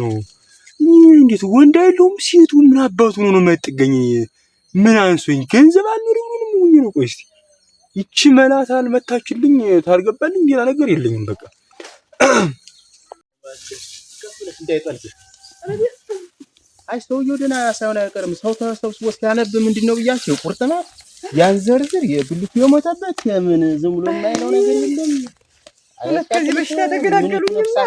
ነው እንዴት ወንድ አይደለሁም ሴቱ ምን አባቱ ነው ነው የማይጠገኝ ምን አንሶኝ ገንዘብ አልኖረኝ ምንም ሆኜ ነው ቆይ እስቲ ይቺ መላት አልመታችልኝ ታልገባልኝ ሌላ ነገር የለኝም በቃ አይ ሰውዬው ደህና ሳይሆን አይቀርም ሰው ተሰብስቦ ሲያነብ ምንድን ነው ብያቸው ቁርጥና ያን ዘርዝር የብልቱ የሞተበት ምን ዝም ብሎ የማይለው ነገር የለም ከዚህ በሽታ ተገላገሉኝማ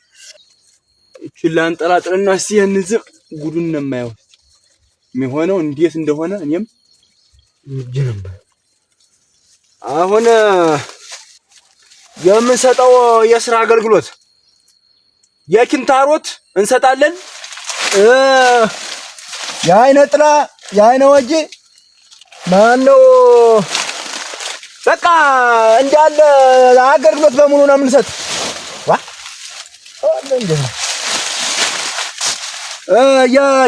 እችን ላንጠላጥልና እስኪ ይህንን ጉዱን ነው የማየው የሚሆነው እንዴት እንደሆነ እኔም እንጂ ነበር። አሁን የምንሰጠው የስራ አገልግሎት የኪንታሮት እንሰጣለን። የአይነ ጥላ የአይነ ወጂ ማነው በቃ እንዳለ አገልግሎት በሙሉ ነው የምንሰጥ።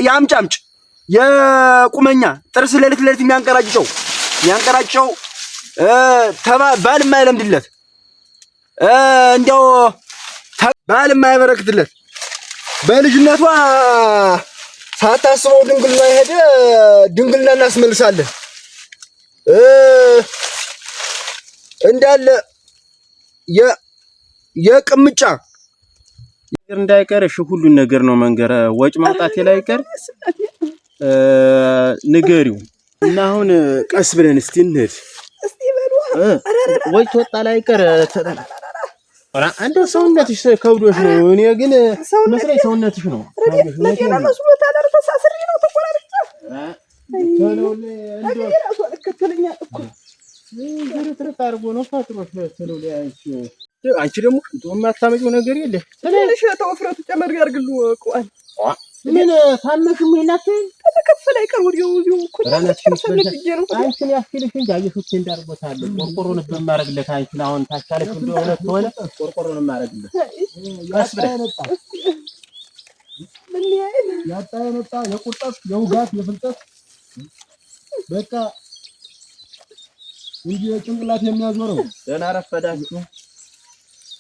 የአምጫምጭ የቁመኛ ጥርስ ሌሊት ሌሊት የሚያንቀራጭጨው የሚያንቀራጭጨው ባል የማይለምድለት እንዲያው ባል የማይበረክትለት በልጅነቷ ሳታስበው ድንግልና ሄደ። ድንግልና እናስመልሳለን እንዳለ የቅምጫ ነገር እንዳይቀር እሺ፣ ሁሉን ነገር ነው መንገር ወጭ ማውጣቴ ላይ ቀር ንገሪው እና አሁን ቀስ ብለን እስቲ እንሂድ። ወጭ ወጣ ላይ ቀር እንደው ሰውነትሽ ከብዶሽ ነው። እኔ ግን መስለኝ ሰውነትሽ ነው ነው አንቺ ደግሞ እንደውም የማታመጪው ነገር የለ። ትንሽ ተወፍረቱ ጨመር ያርግሉ ቁአል ምን ታመሽም ይላት ተከፈለ አይቀር ወዲሁ ወዲሁ እኮ እንጂ እንዳርጎታል። ቆርቆሮን በማረግለት አሁን ታቻለሽ እንደሆነ ከሆነ ቆርቆሮን ማረግለት ያጣ የመጣ የቁርጠት የውጋት የፍልጠት በቃ እንጂ ጭንቅላት የሚያዞረው ደህና ረፈዳችሁ።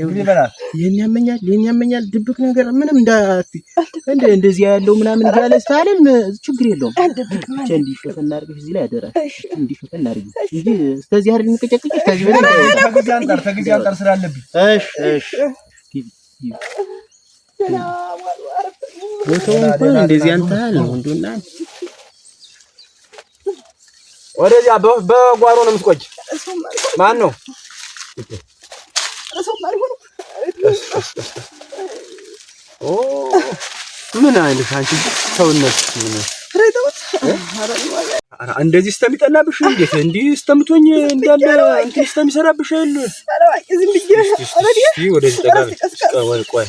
ይሄን ያመኛል ይሄን ያመኛል፣ ድብቅ ነገር ምንም እንዳት እንደ እንደዚህ ያለው ምናምን እያለ ስታለም ችግር የለውም። ብቻ እንዲህ ሸፈን አድርገሽ እዚህ ላይ ያደራል። እንዲህ ሸፈን አድርገሽ እንጂ እስከዚህ አይደል የምንቀጨቅጭሽ። ከዚህ በላይ ተግዜ አንጠር ተግዜ አንጠር ስላለብኝ እሺ፣ እሺ ቦታው እንኳን እንደዚህ አንተሃል ነው እንደው እናንተ ወደዚያ በጓሮ ነው የምትቆጭ ማን ነው? ምን አይነት አንቺ ሰውነት ምን እንደዚህ ስተሚጠላብሽ እንዴት እንዲህ ስተምቶኝ እንዳለ እንትን ስተሚሰራብሽ አይደል? ወደዚህ ጠጋ ቆይ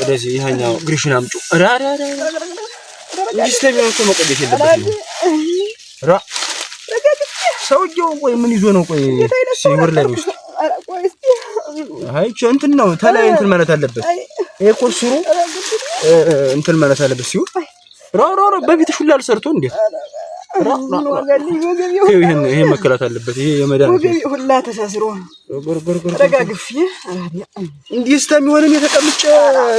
ወደዚህ ይሄኛው ግሪሽን አምጪው። እንዲህ እስተሚሆን መቆየት የለበትም። ራ ሰውዬው ቆይ ምን ይዞ ነው? ቆይ ሲወር ላይ ውስጥ አይ እንትን ነው ተላይ እንትን ማለት አለበት። ይሄ እኮ ስሩ እንትን ማለት አለበት። ሲው ሮ ሮ ሮ በፊት ሹላል ሰርቶ እንዴት ራ ራ ይሄን መከላት አለበት። ይሄ የመዳን ሁላ ተሳስሮ ጎር ጎር ጎር ተጋግፌ እንዲህ እስከሚሆን የተቀምጨ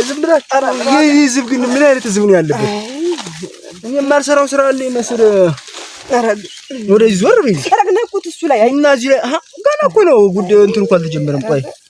ዝም አራ ይሄ ዝብ ግን ምን አይነት ዝብ ነው ያለበት? እኔ የማልሰራው ስራ አለ ይመስል ወደዚህ ዞር በይ። እሱ ላይ እና እዚህ ላይ ገና እኮ ነው ጉድ እንትን እኮ አልተጀመረም። ቆይ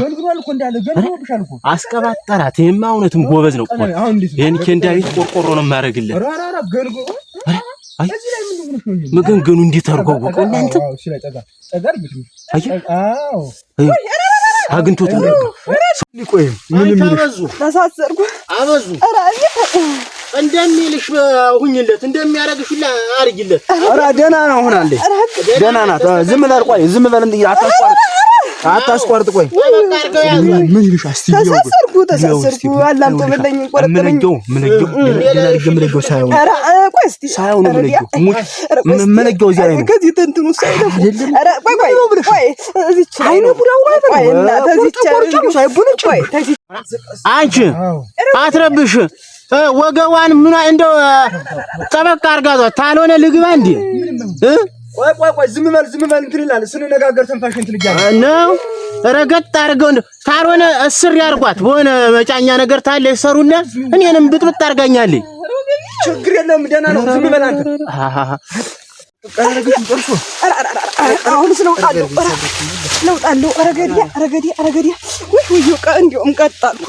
ገልግሏል እኮ እንዳለ ገልግሎብሻል እኮ አስቀባጠራት። ይሄማ እውነትም ጎበዝ ነው እኮ። ይሄን ኬንዳ ቤት ቆርቆሮ ነው የማደርግልህ። አይ መገንገኑ እንዴት አድርጎ አወቀው? እናንተ አግኝቶታል። ቆይ ምን የሚልሽ ተሳሰርኩ። አበዙ እንደሚልሽ ሁኝለት እንደሚያደርግሽ ሁላ አድርጊለት። ኧረ ደህና ነው ሆናለች። ደህና ናት። ዝም በል ቆይ፣ ዝም በል አታስቋርጥ አታስቆርጥ። ቆይ ምን አንቺ አትረብሽ። ወገቧን ምን እንደው ጠበቅ አርጋዟት። ታልሆነ ልግባ እንዴ? ቆይ ቆይ፣ ቆይ፣ ዝም በል ዝም በል። እንትን ይላል ስንነጋገር ትንፋሽ እንትን እያለ ነው። ረገጥ አድርገው እንደው ታልሆነ እስር ያርጓት በሆነ መጫኛ ነገር ታለ ይሰሩና እኔንም ብጥብጥ አድርጋኛለች። ችግር የለም ደህና ነው። ዝም በል አንተ። አሁንስ ለውጣለሁ ለውጣለሁ። ረገዲያ ረገዲያ ረገዲያ ውይ ውይ፣ እንዲያውም ቀጣልኩ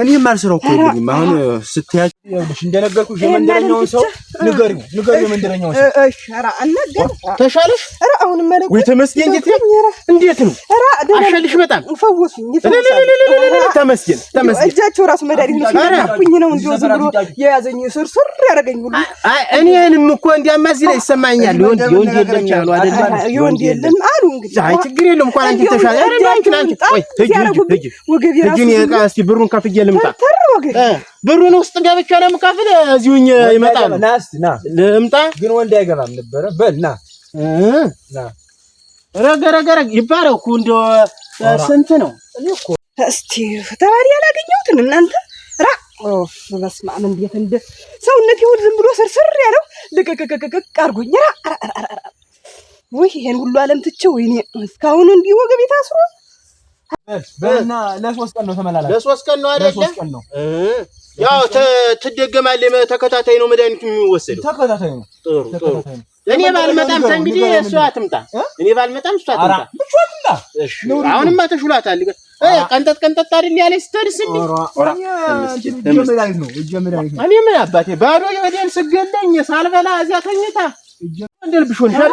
እኔ አልሰራው እኮ የለኝም። አሁን ስትያጭ ይኸውልሽ፣ እንደነገርኩሽ የመንደረኛውን ሰው ንገሪው፣ ንገሪው የመንደረኛውን ሰው እሺ። ኧረ አናገር ተሻለሽ? ኧረ አሁን ማለት ወይ ተመስገን፣ እንዴት ነው እንዴት ነው? ኧረ አሻልሽ በጣም ፈወሱኝ። ተመስገን ተመስገን፣ እጃቸው ራሱ መድኃኒት ነው። ሲያኩኝ ነው እንዲሁ ዝም ብሎ የያዘኝ ስር ስር ያደረገኝ ሁሉ። እኔንም እኮ እንዲያማ እዚህ ላይ ይሰማኛል። ወንድ ወንድ የለም ያሉ አይደለም፣ ወንድ የለም አይ ችግር የለውም። እንኳን አንቺ ተሻለ አንቺ አንቺ ቆይ እስኪ ብሩን ከፍዬ ልምጣ። ብሩን ውስጥ ገብቼ ነው የምከፍል። እዚሁኝ ይመጣል። ና ልምጣ። ግን ወንድ አይገባም ነበረ። በል ና ና። ረገ ረገ ረገ ይባረው እኮ እንደው ስንት ነው እኮ ተባሪ ያላገኘሁትን እናንተ ራ በስመ አብ እንዴት እንደ ሰውነት ይሁን ዝም ብሎ ስርስር ያለው ልቅቅቅቅቅ አድርጎኝ ራ ውይ ይሄን ሁሉ ዓለም ትቼው እኔ እስካሁን እንዲህ ወገቤ ታስሮ በእና ለሶስት ቀን ነው ተመላላ ለሶስት ቀን ነው አይደለ? ነው ያው ትደገማለህ። ተከታታይ ነው መድኃኒቱ የሚወሰደው ተከታታይ ነው። ጥሩ ጥሩ። እኔ ባልመጣም እንግዲህ እሷ አትምጣ፣ እኔ ባልመጣም እሷ አትምጣ። ብቻ አትምጣ። እሺ አሁንማ ተሽሏታል። ቀንጠጥ ቀንጠጥ አይደል ያለች ስትደርስ እንደ እኔ ምን አባቴ ባዶ የወዲያን ስገለኝ ሳልበላ እዚያ ተኝታ እንደ ልብሽ ሆንሻል።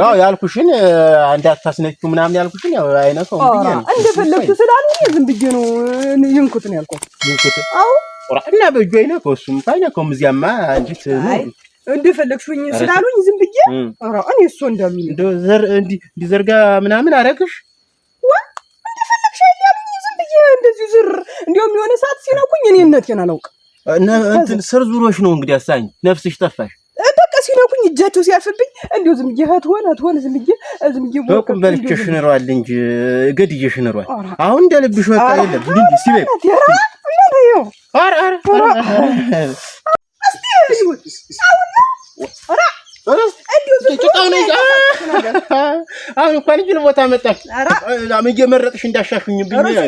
ያው ያልኩሽን አንድ እንዳታስነኪው ምናምን ያልኩሽን ያው አይነት ነው እንደፈለግሽ ስላሉ ዝም ብዬ ነው ይንኩት ነው ያልኳት። ይንኩት አዎ፣ ቁርአንና በእጁ አይነካው እሱም ታይነካውም። እዚያማ አንዲት እንደፈለግሽኝ ስላሉኝ ዝም ብዬ ኧረ እኔ እሱ እንዳሉኝ እንዲዘርጋ ምናምን አረግሽ እንደፈለግሽ ያሉኝ ዝም ብዬ እንደዚህ ዝር። እንዲያውም የሆነ ሰዓት ሲነኩኝ እኔ እነቴን አላውቅም። እንትን ስር ዙሮሽ ነው እንግዲህ አሳኝ ነፍስሽ ጠፋሽ። እየሄደኩኝ እጃቸው ሲያልፍብኝ እንዲሁ ዝም ብዬ እህት ሆነ እህት ሆነ ዝም ብዬ ዝም ብዬ በቁም በልቼሽ ኖሯል እንጂ ገድዬሽ ኖሯል። አሁን እንደ ልብሽ ወጣ የለም እንጂ ሲበይ ኧረ ኧረ አሁን እንኳን እጁን ቦታ መጣሽ እየመረጥሽ እንዳሻሹኝብኝ